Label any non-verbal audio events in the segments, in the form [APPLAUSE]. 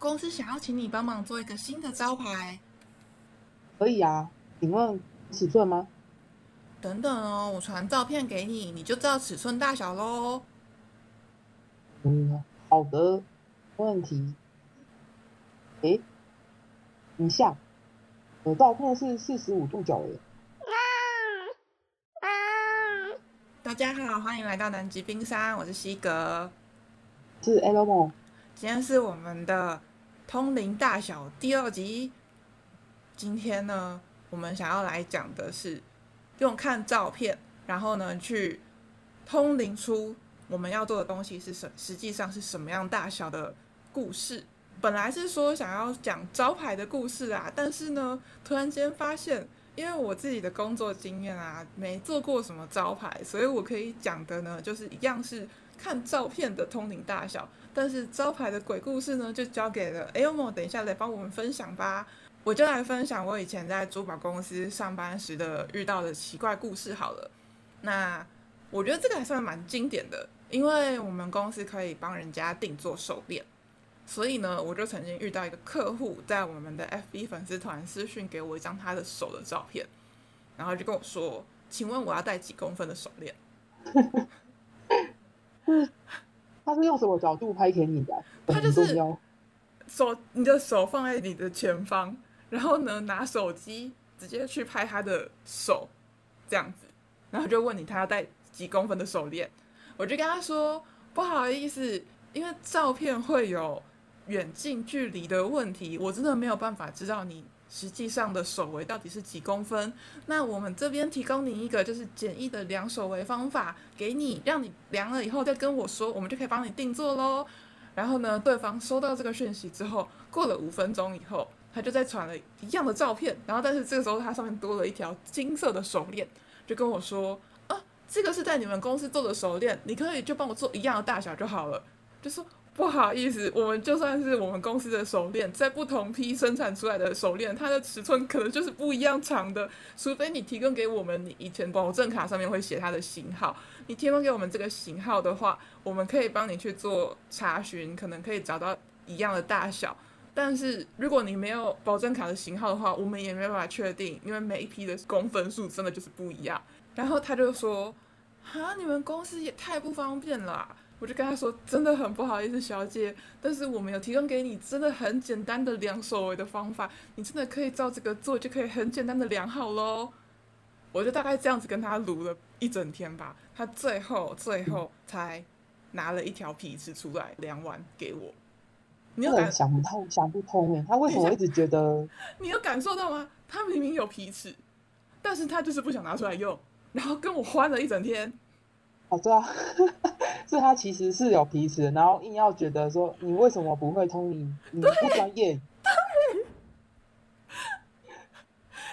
公司想要請你幫忙做一個新的招牌。可以啊，請問尺寸嗎？等等哦，我傳照片給你，你就知道尺寸大小嘍。嗯，好的，沒問題。哎，等一下，我照片是四十五度角耶。啊啊。大家好，歡迎來到南極冰山，我是西格，是艾羅寶，今天是我們的。通靈大小第二集，今天呢，我們想要來講的是用看照片，然後呢去通靈出我們要做的東西是什，實際上是什麼樣大小的故事。本來是說想要講招牌的故事啊，但是呢，突然間發現，因為我自己的工作經驗啊，沒做過什麼招牌，所以我可以講的呢，就是一樣是。看照片的通靈大小，但是招牌的鬼故事呢，就交給了欸，我們等一下來幫我們分享吧。我就來分享我以前在珠寶公司上班時的遇到的奇怪故事好了。那我覺得這個還算蠻經典的，因為我們公司可以幫人家定做手鏈，所以呢，我就曾經遇到一個客戶在我們的 FB 粉絲團私訊給我一張他的手的照片，然後就跟我說：“請問我要戴幾公分的手鏈？” [LAUGHS] 他是用什麼角度拍給你的？他就是手，你的手放在你的前方，然後呢，拿手機直接去拍他的手，這樣子，然後就問你他要戴幾公分的手鏈。我就跟他說不好意思，因為照片會有遠近距離的問題，我真的沒有辦法知道你。實際上的手圍到底是幾公分？那我們這邊提供你一個就是簡易的量手圍方法，給你讓你量了以後再跟我說，我們就可以幫你定做嘍。然後呢，對方收到這個訊息之後，過了五分鐘以後，他就再傳了一樣的照片，然後但是這個時候他上面多了一條金色的手鏈，就跟我說啊，這個是在你們公司做的手鏈，你可以就幫我做一樣的大小就好了，就說。不好意思，我們就算是我們公司的手鏈，在不同批生產出來的手鏈，它的尺寸可能就是不一樣長的。除非你提供給我們，你以前保證卡上面會寫它的型號，你提供給我們這個型號的話，我們可以幫你去做查詢，可能可以找到一樣的大小。但是如果你沒有保證卡的型號的話，我們也沒辦法確定，因為每一批的公分數真的就是不一樣。然後他就說，哈，你們公司也太不方便了啊。我就跟他說，真的很不好意思，小姐，但是我們有提供給你真的很簡單的量手圍的方法，你真的可以照這個做，就可以很簡單的量好嘍。我就大概這樣子跟他盧了一整天吧，他最後最後才拿了一條皮尺出來量完給我。真感想不通，想不通，他為什麼會一直覺得？你有感受到嗎？他明明有皮尺，但是他就是不想拿出來用，然後跟我歡了一整天。好對啊，所以他其實是有皮尺，然後硬要覺得說，你為什麼不會通靈，你你不專業？對。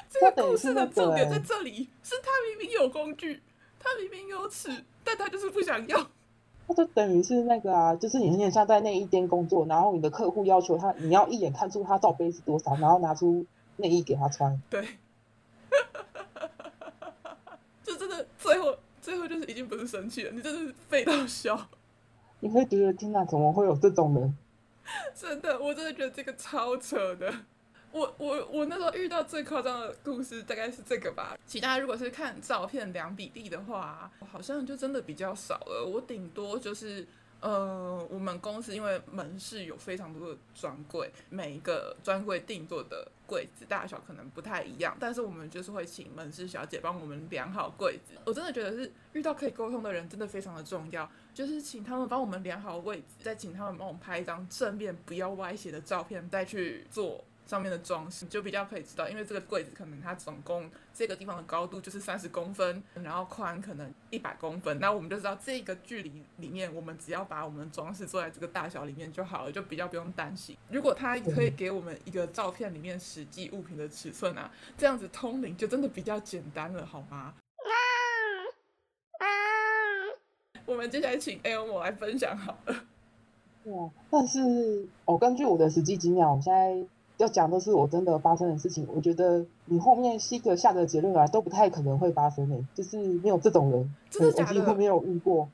[LAUGHS] 這個故事的重點在這裡， [LAUGHS] 是他明明有工具， [LAUGHS] 他明明有尺，但他就是不想要。他就等於是那個啊，就是你有點像在內衣店工作，然後你的客戶要求他，你要一眼看出他罩杯是多少，然後拿出內衣給他穿。對。最後就是已經不是生氣了，你真是廢到笑。你會覺得天吶，怎麼會有這種人？ [LAUGHS] 真的，我真的覺得這個超扯的。我我我那時候遇到最誇張的故事大概是這個吧。其他如果是看照片量比例的話，好像就真的比較少了。我頂多就是。呃，我們公司因為門市有非常多的專櫃，每一個專櫃定做的櫃子大小可能不太一樣，但是我們就是會請門市小姐幫我們量好櫃子。我真的覺得是遇到可以溝通的人真的非常的重要，就是請他們幫我們量好位置，再請他們幫我們拍一張正面不要歪斜的照片，再去做。上面的裝飾就比較可以知道，因為這個櫃子可能它總共這個地方的高度就是三十公分，然後寬可能一百公分，那我們就知道這個距離裡面，我們只要把我們的裝飾做在這個大小裡面就好了，就比較不用擔心。如果他可以給我們一個照片裡面實際物品的尺寸啊，這樣子通靈就真的比較簡單了，好嗎？啊啊、我們接下來請 L 來分享好了。但是我、哦、根據我的實際經驗，我現在。要講的是我真的發生的事情，我覺得你後面七格下的結論啊都不太可能會發生的、欸、就是沒有這種人，我幾乎沒有遇過。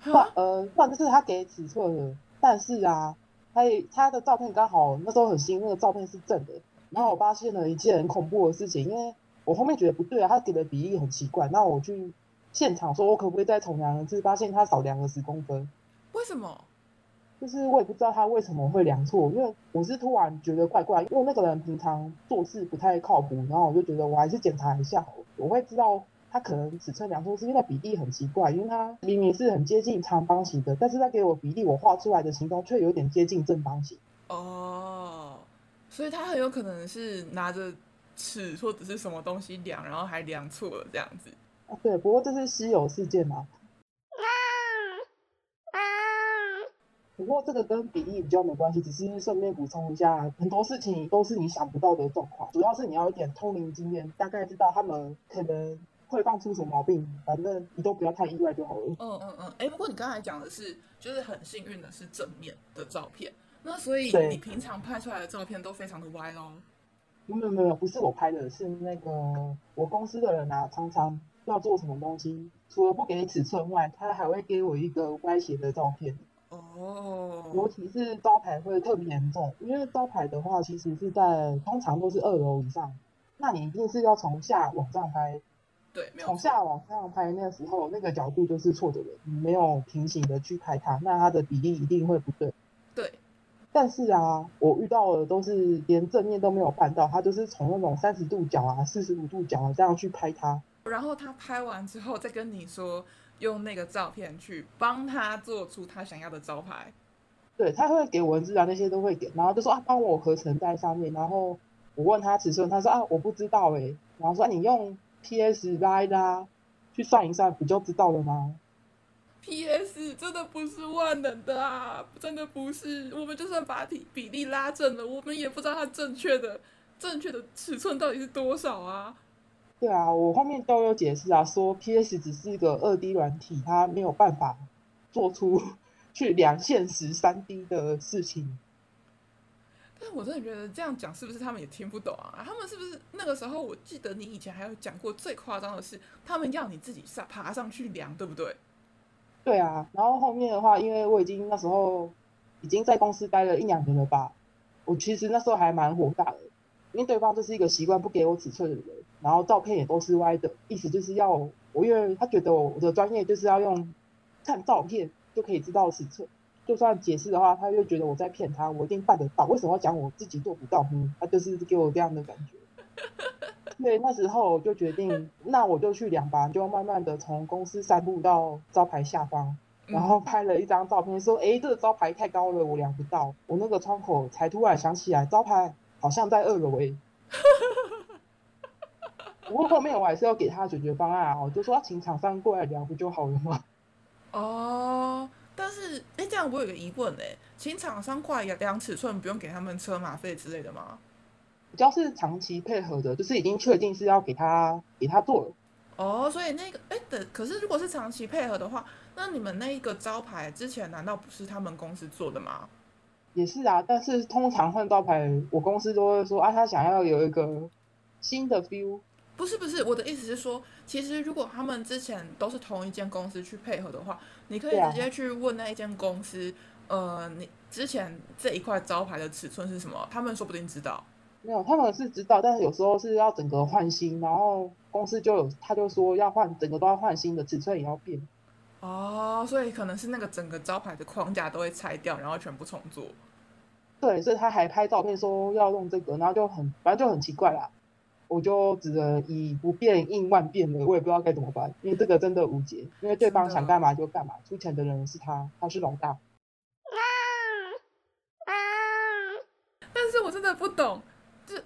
好、huh?，呃，那就是他給尺寸的，但是啊，他他的照片剛好那時候很新，那個照片是正的。然後我發現了一件很恐怖的事情，因為我後面覺得不對啊，他給的比例很奇怪。然後我去現場說，我可不可以再重量，就是發現他少量了十公分。為什麼？就是我也不知道他為什麼會量錯，因為我是突然覺得怪怪，因為那個人平常做事不太靠譜，然後我就覺得我還是檢查一下，我會知道他可能尺寸量錯，是因為他比例很奇怪，因為他明明是很接近長方形的，但是他給我比例，我畫出來的形狀卻有點接近正方形。哦，所以他很有可能是拿着尺或者是什麼東西量，然後還量錯了這樣子。對，okay, 不過這是稀有事件嘛。不過這個跟比例比較沒關係，只是順便補充一下，很多事情都是你想不到的狀況。主要是你要一點通靈經驗，大概知道他們可能會放出什麼毛病，反正你都不要太意外就好了。嗯嗯嗯，哎、嗯欸，不過你剛才講的是，就是很幸運的是正面的照片，那所以你平常拍出來的照片都非常的歪嘍、哦？沒有沒有，不是我拍的，是那個我公司的人啊，常常要做什麼東西，除了不給你尺寸外，他還會給我一個歪斜的照片。哦，尤其是招牌會特別嚴重，因為招牌的話，其實是在通常都是二樓以上，那你一定是要從下往上拍，對，從下往上拍，那個時候那個角度就是錯的了，你沒有平行的去拍它，那它的比例一定會不對。對，但是啊，我遇到的都是連正面都沒有拍到，它就是從那種三十度角啊、四十五度角啊這樣去拍它。然後他拍完之後，再跟你說用那個照片去幫他做出他想要的招牌。對，他會給文字啊，那些都會給。然後就說啊，幫我合成在上面。然後我問他尺寸，他說啊，我不知道哎。然後說，啊，你用 PS 來啦啊，去算一算不就知道了嗎？PS 真的不是萬能的啊，真的不是。我們就算把比例拉正了，我們也不知道它正確的正確的尺寸到底是多少啊。對啊，我後面都有解釋啊，說 PS 只是一個 2D 軟體，它沒有辦法做出去量現實 3D 的事情。但我真的覺得這樣講是不是他們也聽不懂啊？他們是不是那個時候？我記得你以前還有講過最誇張的是，他們要你自己上爬上去量，對不對？對啊，然後後面的話，因為我已經那時候已經在公司待了一兩年了吧，我其實那時候還蠻火大的，因為對方就是一個習慣不給我尺寸的人。然後照片也都是歪的，意思就是要我，因為他覺得我的專業就是要用看照片就可以知道實測，就算解釋的話，他又覺得我在騙他，我一定辦得到，為什麼要講我自己做不到？嗯，他就是給我這樣的感覺。對，那時候我就決定，那我就去量吧，就慢慢的從公司散步到招牌下方，然後拍了一張照片，說：“哎，這個招牌太高了，我量不到。”我那個窗口才突然想起來，招牌好像在二樓誒、欸。不過，後面我還是要給他解決方案哦，就說，請廠商過來量不就好了嗎？哦、oh,，但是哎，這樣我有個疑問哎，請廠商過來量尺寸，不用給他們車馬費之類的嗎？只要是長期配合的，就是已經確定是要給他給他做了。哦、oh,，所以那個哎，的可是如果是長期配合的話，那你們那一個招牌之前難道不是他們公司做的嗎？也是啊，但是通常換招牌，我公司都會說啊，他想要有一個新的 feel。不是不是，我的意思是說，其實如果他們之前都是同一間公司去配合的話，你可以直接去問那一間公司，啊，呃，你之前這一塊招牌的尺寸是什麼？他們說不定知道。沒有，他們是知道，但是有時候是要整個換新，然後公司就有他就說要換整個都要換新的，尺寸也要變。哦，所以可能是那個整個招牌的框架都會拆掉，然後全部重做。對，所以他還拍照片說要用這個，然後就很反正就很奇怪啦。我就只能以不變應萬變了，我也不知道該怎麼辦，因為這個真的無解，因為對方想幹嘛就幹嘛，出錢的人是他，他是老大。但是我真的不懂，這就，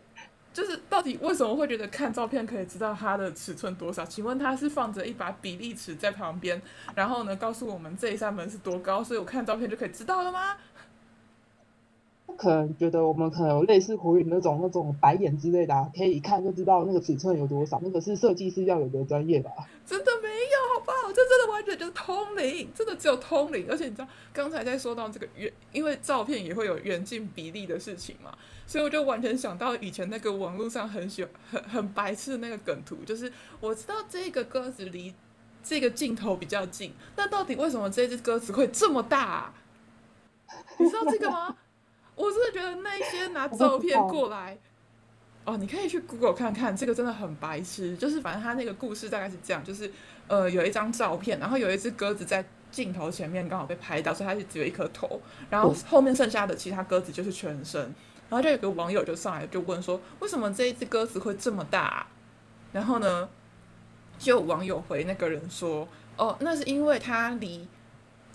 就是到底為什麼會覺得看照片可以知道它的尺寸多少？請問他是放着一把比例尺在旁邊，然後呢告訴我們這一扇門是多高，所以我看照片就可以知道了嗎？可能覺得我們可能有類似火影那種那種白眼之類的、啊，可以一看就知道那個尺寸有多少，那個是設計師要有的專業吧？真的沒有，好不好？這真的完全就是通靈，真的只有通靈。而且你知道剛才在說到這個遠，因為照片也會有遠近比例的事情嘛，所以我就完全想到以前那個網絡上很喜歡很很白痴的那個梗圖，就是我知道這個鴿子離這個鏡頭比較近，那到底為什麼這隻鴿子會這麼大、啊？ [LAUGHS] 你知道這個嗎？ [LAUGHS] 我真的覺得那些拿照片過來，哦，你可以去 Google 看看，這個真的很白痴。就是反正他那個故事大概是這樣，就是呃，有一張照片，然後有一隻鴿子在鏡頭前面剛好被拍到，所以它就只有一顆頭，然後後面剩下的其他鴿子就是全身。然後就有個網友就上來就問說，為什麼這一隻鴿子會這麼大啊？然後呢，就有網友回那個人說，哦、呃，那是因為它離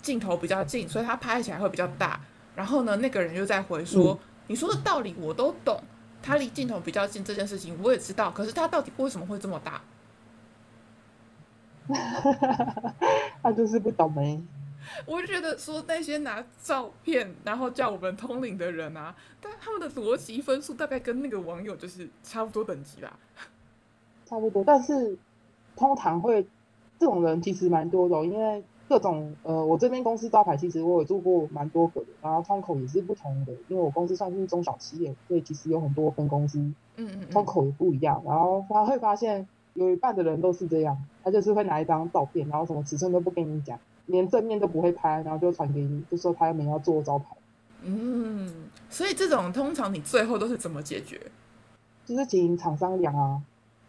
鏡頭比較近，所以它拍起來會比較大。然後呢，那個人又在回說、嗯：“你說的道理我都懂，他離鏡頭比較近這件事情我也知道，可是他到底為什麼會這麼大？ [LAUGHS] 他就是不懂哎。”我就覺得說那些拿照片然後叫我們通靈的人啊，但他們的邏輯分數大概跟那個網友就是差不多等級吧，差不多。但是通常會這種人其實蠻多的，因為。各種呃，我這邊公司招牌，其實我有做過蠻多個的，然後窗口也是不同的，因為我公司算是中小企業，所以其實有很多分公司，嗯嗯，嗯，窗口也不一樣。然後他會發現有一半的人都是這樣，他就是會拿一張照片，然後什麼尺寸都不跟你講，連正面都不會拍，然後就傳給你，就說他們要做招牌。嗯，所以這種通常你最後都是怎麼解決？就是請廠商量啊，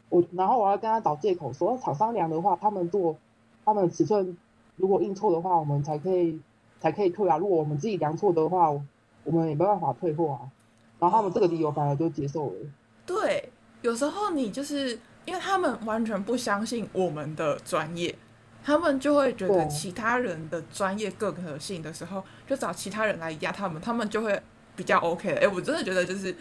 我然後我要跟他找借口說，廠商量的話，他們做他們尺寸。如果印錯的話，我們才可以才可以退啊。如果我們自己量錯的話，我們也沒辦法退貨啊。然後他們這個理由反而就接受了。對，有時候你就是因為他們完全不相信我們的專業，他們就會覺得其他人的專業更可信的時候，就找其他人來壓他們，他們就會比較 OK。誒，我真的覺得就是。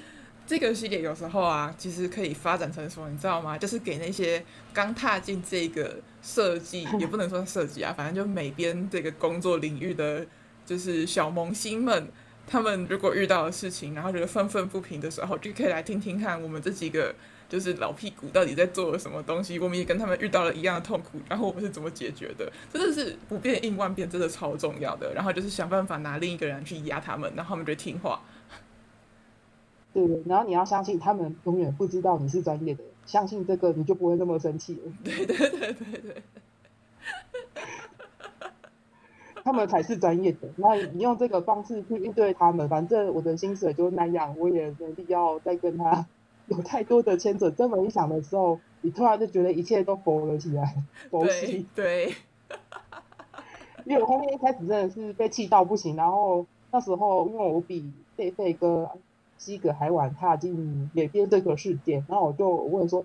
這個系列有時候啊，其實可以發展成什麼，你知道嗎？就是給那些剛踏進這個設計，也不能說設計啊，反正就美編這個工作領域的，就是小萌新們，他們如果遇到的事情，然後覺得憤憤不平的時候，就可以來聽聽看我們這幾個就是老屁股到底在做了什麼東西。我們也跟他們遇到了一樣的痛苦，然後我們是怎麼解決的？真的是不變應萬變，真的超重要的。然後就是想辦法拿另一個人去壓他們，然後他們就聽話。對，然後你要相信他們永遠不知道你是專業的，相信這個你就不會那麼生氣了。對對對對，對 [LAUGHS] 他們才是專業的。那你用這個方式去應對他們，反正我的薪水就那樣，我也沒必要再跟他有太多的牽扯。 [LAUGHS] 這麼一想的時候，你突然就覺得一切都浮了起來，浮，對， [LAUGHS] 對，對，因為我後面一開始真的是被氣到不行，然後那時候因為我比貝貝哥，基哥還晚踏進那邊這個世界，然後我就問說，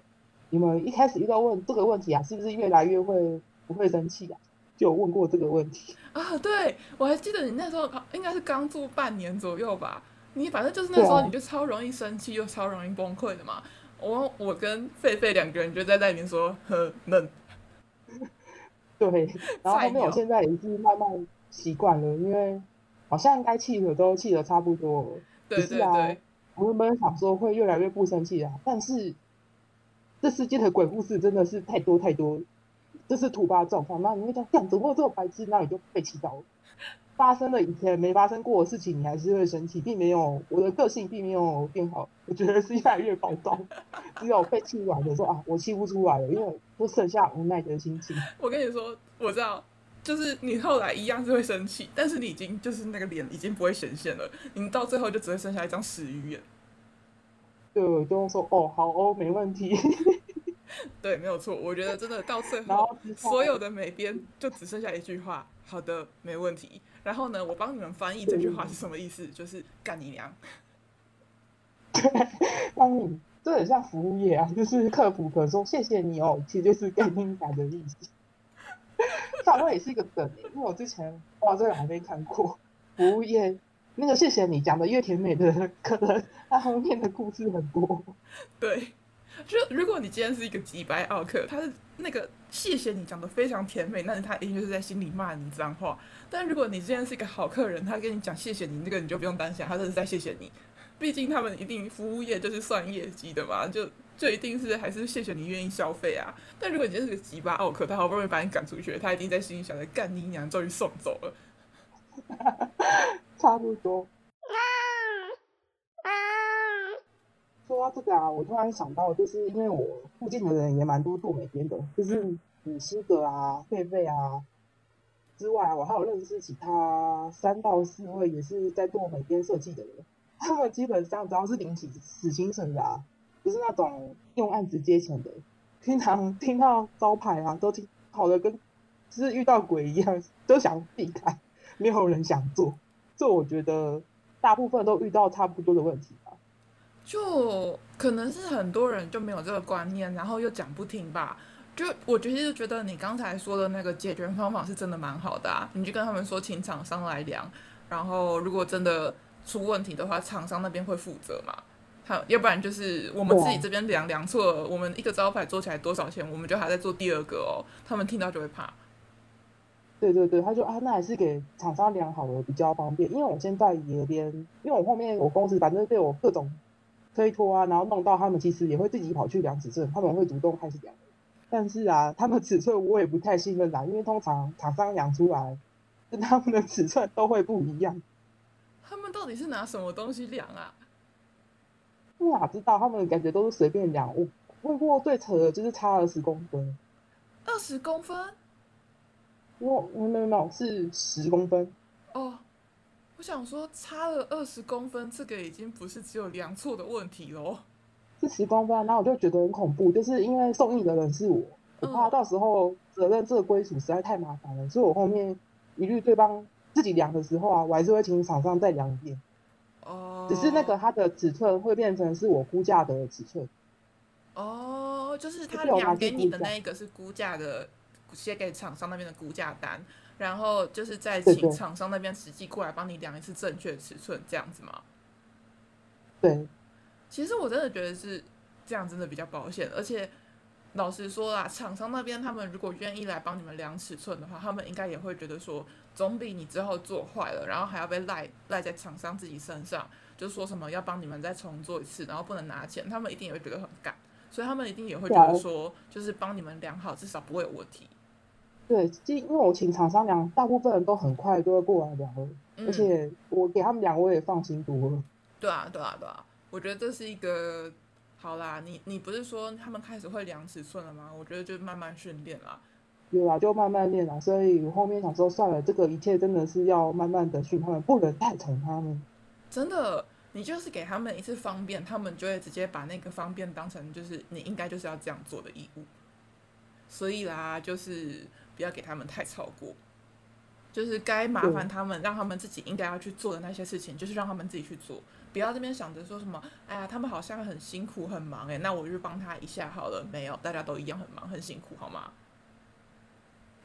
你們一開始遇到問這個問題啊，是不是越來越會不會生氣啊？就問過這個問題。啊，對，我還記得你那時候應該是剛住半年左右吧，你反正就是那時候你就超容易生氣又超容易崩潰的嘛。我我跟狒狒兩個人就在那裡面說呵，悶。對，然後後面我現在已經慢慢習慣了，因為好像該氣的都氣的差不多了。不是啊對對對，我們本來想說會越來越不生氣啊，但是這世界的鬼故事真的是太多太多，這是土巴狀況。那你會講這樣，怎麼這麼白痴？那你就被氣到了，發生了以前沒發生過的事情，你還是會生氣，並沒有我的個性並沒有變好，我覺得是越來越暴躁。只有被氣完的時候啊，我氣不出來了，因為我剩下無奈的心情。我跟你說，我知道。就是你後來一樣是會生氣，但是你已經就是那個臉已經不會顯現了，你們到最後就只會剩下一張死魚眼。對，就會說：“哦，好哦，沒問題。 [LAUGHS] ”對，沒有錯。我覺得真的到最後， [LAUGHS] 後所有的美編就只剩下一句話：“好的，沒問題。”然後呢，我幫你們翻譯這句話是什麼意思？就是幹你娘。翻 [LAUGHS] 你這很像服務業啊，就是客服可說：“謝謝你哦。”其實就是幹你娘的意思。它 [LAUGHS] [LAUGHS] 也是一個梗，因為我之前哇，這個還沒看過。服務業那個謝謝你講的越甜美的，的可能，他後面的故事很多。對，就如果你今天是一個雞掰奧客，他是那個謝謝你講的非常甜美，但是他一定就是在心裡罵你髒話。但如果你今天是一個好客人，他跟你講謝謝你，那個你就不用擔心，他真的是在謝謝你。畢竟他們一定服務業就是算業績的嘛，就。就一定是還是謝謝你願意消費啊！但如果你真是個吉巴奧克，他好不容易把你趕出去，他一定在心裡想着幹你娘，終於送走了。 [LAUGHS] 差不多、啊啊。說到這個啊，我突然想到，就是因為我附近的人也蠻多做美編的，就是你西哥啊、配狒啊之外啊，我還有認識其他三到四位也是在做美編設計的人，他們基本上只要是領起死精神的、啊。就是那種用案子接錢的，經常聽到招牌啊，都聽好的跟，就是遇到鬼一樣，都想避開，沒有人想做。這我覺得大部分都遇到差不多的問題吧、啊。就可能是很多人就沒有這個觀念，然後又講不聽吧。就我其實覺得你剛才說的那個解決方法是真的蠻好的、啊，你就跟他們說請廠商來量，然後如果真的出問題的話，廠商那邊會負責嘛。好，要不然就是我們自己這邊量量錯，我們一個招牌做起來多少錢，我們就還在做第二個哦。他們聽到就會怕。對對對，他說啊，那還是給廠商量好了比較方便，因為我現在也邊，因為我後面我公司反正被我各種推脫啊，然後弄到他們其實也會自己跑去量尺寸，他們會主動開始量。但是啊，他們尺寸我也不太信任啦、啊，因為通常廠商量出來跟他們的尺寸都會不一樣。他們到底是拿什麼東西量啊？我哪知道，他們感覺都是隨便量。我問過最扯的就是差了十公分，二十公分？我，沒有沒有，是十公分。哦、oh，我想說差了二十公分，這個已經不是只有量錯的問題咯，是十公分，那我就覺得很恐怖，就是因為送印的人是我，我怕到時候責任這個歸屬實在太麻煩了，嗯、所以我後面一律對方自己量的時候啊，我還是會請廠商再量一遍。Oh，只是那個它的尺寸會變成是我估價的尺寸，哦、oh，就是他量給你的那一個是估價的，寫給廠商那邊的估價單，然後就是再請廠商那邊實際過來幫你量一次正確的尺寸，這樣子嗎？對，對，對，其實我真的覺得是這樣，真的比較保險，而且。老實說啦，廠商那邊他們如果願意來幫你們量尺寸的話，他們應該也會覺得說，總比你之後做壞了，然後還要被賴賴在廠商自己身上，就說什麼要幫你們再重做一次，然後不能拿錢，他們一定也會覺得很幹，所以他們一定也會覺得說、對啊，就是幫你們量好，至少不會有問題。對，就因為我請廠商量，大部分人都很快就會過來量了、嗯，而且我給他們量，我也放心多了對、啊。對啊，對啊，對啊，我覺得這是一個。好啦，你你不是說他們開始會量尺寸了嗎？我覺得就慢慢訓練啦。有啦，就慢慢練啦。所以我後面想說，算了，這個一切真的是要慢慢的訓練，不能太寵他們。真的，你就是給他們一次方便，他們就會直接把那個方便當成就是你應該就是要這樣做的義務。所以啦，就是不要給他們太超過，就是該麻煩他們，讓他們自己應該要去做的那些事情，就是讓他們自己去做。不要這邊想着說什麼，哎呀，他們好像很辛苦很忙哎，那我就幫他一下好了。沒有，大家都一樣很忙很辛苦，好嗎？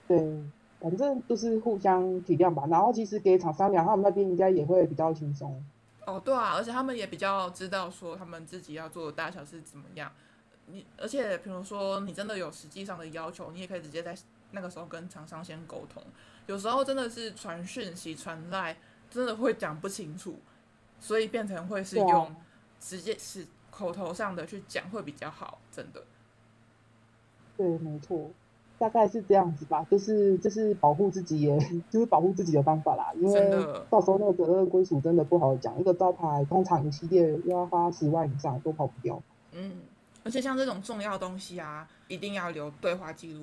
對，反正就是互相體諒吧。然後其實給廠商聊，他們那邊應該也會比較輕鬆。哦，對啊，而且他們也比較知道說他們自己要做的大小是怎麼樣。你而且比如說你真的有實際上的要求，你也可以直接在那個時候跟廠商先溝通。有時候真的是傳訊息傳 LINE，真的會講不清楚。所以變成會是用直接是口頭上的去講會比較好，真的。對，沒錯，大概是這樣子吧，就是就是保護自己，也就是保護自己的方法啦。因為到時候那個責任歸屬真的不好講，一個招牌通常一系列要花十萬以上都跑不掉。嗯，而且像這種重要東西啊，一定要留對話記錄。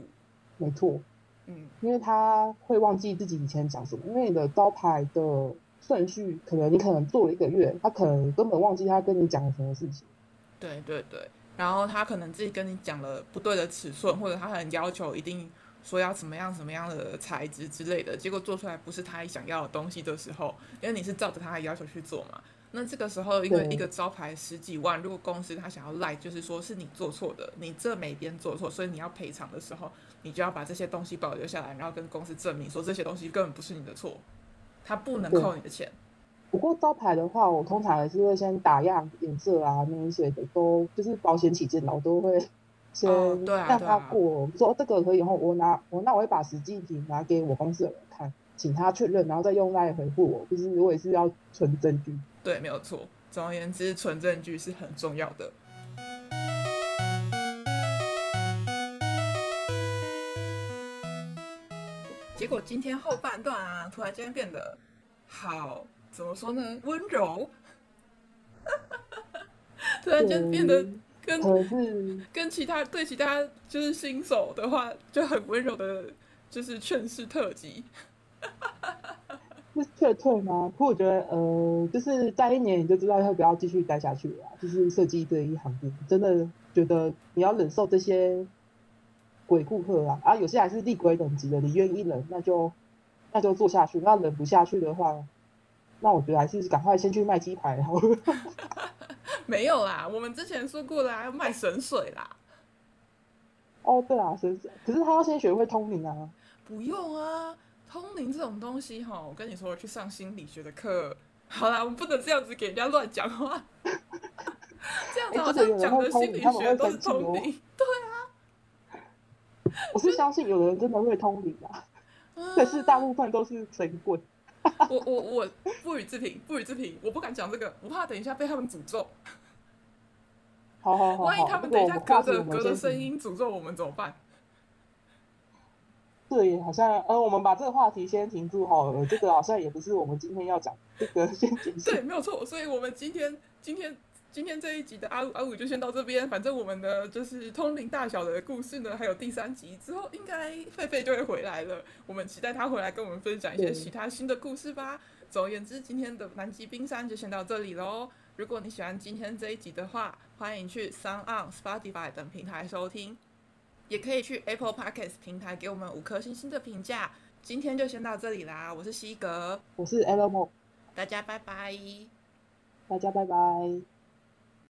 沒錯，嗯，因為他會忘記自己以前講什麼，因為你的招牌的。順序可能你可能做了一個月，他可能根本忘記他跟你講了什麼事情。對對對，然後他可能自己跟你講了不對的尺寸，或者他很要求一定說要什麼樣什麼樣的材質之類的，結果做出來不是他想要的東西的時候，因為你是照着他的要求去做嘛。那這個時候一個，因為一個招牌十幾萬，如果公司他想要賴，就是說是你做錯的，你這每邊做錯，所以你要賠償的時候，你就要把這些東西保留下來，然後跟公司證明說這些東西根本不是你的錯。他不能扣你的錢，不過招牌的話，我通常還是會先打樣、顏色啊那一些的，都就是保險起見，我都會先讓他過，哦啊啊、說、哦、這個可以後，我拿我拿那我會把實際品拿給我公司的人看，請他確認，然後再用來回復我，就是如果是要存證據。對，沒有錯。總而言之，存證據是很重要的。如、哦、果今天後半段啊，突然間變得好，怎麼說呢？溫柔， [LAUGHS] 突然間變得跟、嗯嗯、跟其他對其他就是新手的話就很溫柔的，就是勸世特輯， [LAUGHS] 是撤退，退嗎？可我覺得呃，就是待一年你就知道要不要繼續待下去了、啊。就是設計這一行業真的覺得你要忍受這些。鬼顧客啊，啊，有些人還是厲鬼等級的，你願意忍，那就那就做下去，那忍不下去的話，那我覺得還是趕快先去賣雞排好、啊、了。 [LAUGHS] 沒有啦，我們之前說過啦，要賣神水啦。哦，對啊，神水，可是他要先學會通靈啊。不用啊，通靈這種東西哈，我跟你說，我去上心理學的課。好啦，我們不能這樣子給人家亂講話。 [LAUGHS] 這樣子好像講的心理學都是通靈。我是相信有人真的會通靈啊、嗯，可是大部分都是神棍 [LAUGHS] 我我我不予置評，不予置評，我不敢講這個，我怕等一下被他們詛咒。好，好好好，萬一他們等一下隔着隔着聲音詛咒我們怎麼辦？對，好像呃，我們把這個話題先停住好了，這個好像也不是我們今天要講這個，先停。對，沒有錯，所以我們今天今天，今天這一集的阿五阿五就先到這邊，反正我們的就是通靈大小的故事呢，還有第三集之後應該狒狒就會回來了，我們期待他回來跟我們分享一些其他新的故事吧。總而言之，今天的南極冰山就先到這裡嘍。如果你喜歡今天這一集的話，歡迎去 s o u n Spotify 等平台收聽，也可以去 Apple Podcasts 平台給我們五顆星星的評價。今天就先到這裡啦，我是西格，我是 e l m o，大家拜拜，大家拜拜。